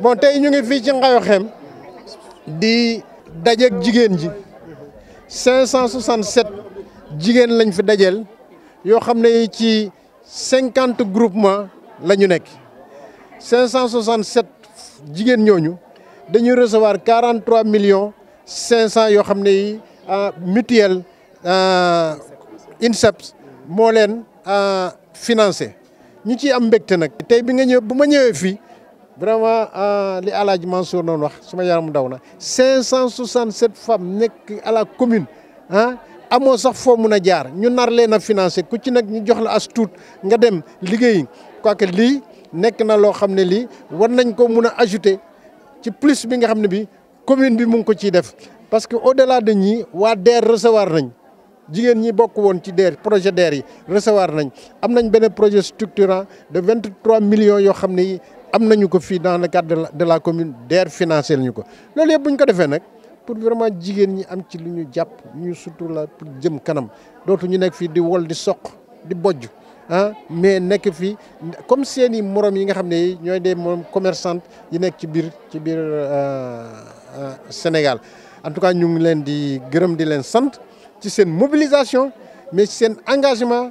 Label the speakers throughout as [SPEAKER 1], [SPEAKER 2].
[SPEAKER 1] bon tey ñu ngi fii ci Ngayokhème di dajeek jigéen ji 567 jigéen lañ fi dajeel yoo xam ne ci 50 groupement la ñu nekk 567 jigéen ñooñu dañuy recevoir 43 millions 500 yoo xam ne yi euh, mutuelle euh, INSEPS moo leen euh, financé ñu ciy am mbégte nag. tey bi nga ñëw bu ma ñëwee fii. vraiment ah, li El Mansour non wax suma yaram daw na 567 femmes nek à la commune hein amo sax fo meuna a jaar ñu nar leena financer, ku ci nak ñu jox la as tuut nga dem quoi que li nek na lo xamne li war nañ ko meuna a ajouter ci plus bi nga xamne bi commune bi mu ngi ko def parce que au delà de ñi wa DER recevoir nañ jigen ñi bokk won ci DER projet DER yi recevoir nañ am nañ benn projet structurant de 23 millions yo xamne nous dans le cadre de la commune d'air financier. Ce pour vraiment ñi am ci surtout la pour jëm kanam que nous ah, mais comme si morom yi nga des commerçants yi euh, euh, Sénégal en tout cas nous ngi leen di gërëm di mobilisation mais c'est un engagement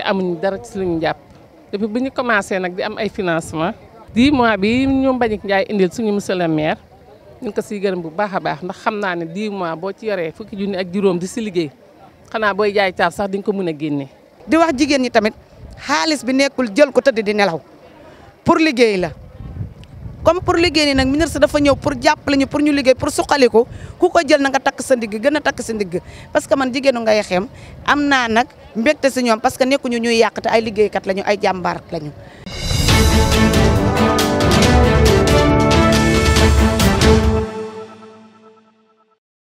[SPEAKER 2] te amuñ dara lu luñu jàpp depuis bu ñu commencé nag di am ay financement dix mois bii ñoom Mbagnick Ndiaye indil suñu monsieur le maire ñu ngi ko siy gërëm bu baax a baax ndax xam naa ne di mois boo ci yoree fukki junni ak juróom di si liggéey xanaa booy jaay caaf sax di nga ko mën a génne. di wax
[SPEAKER 3] jigéen ñi tamit xaalis bi nekkul jël ko tëdd di nelaw pour liggéey la. comme pour liggéey nii nag ministre dafa ñëw pour jàppale ñu pour ñu liggéey pour suqaliku ku ko jël na nga takk sa ndigg gën a takk sa ndigg parce que man jigéenu ngay xem am naa nag mbégte si ñoom parce que nekkuñu ñuy yàq te ay liggéeykat lañu ay jàmbaar lañu.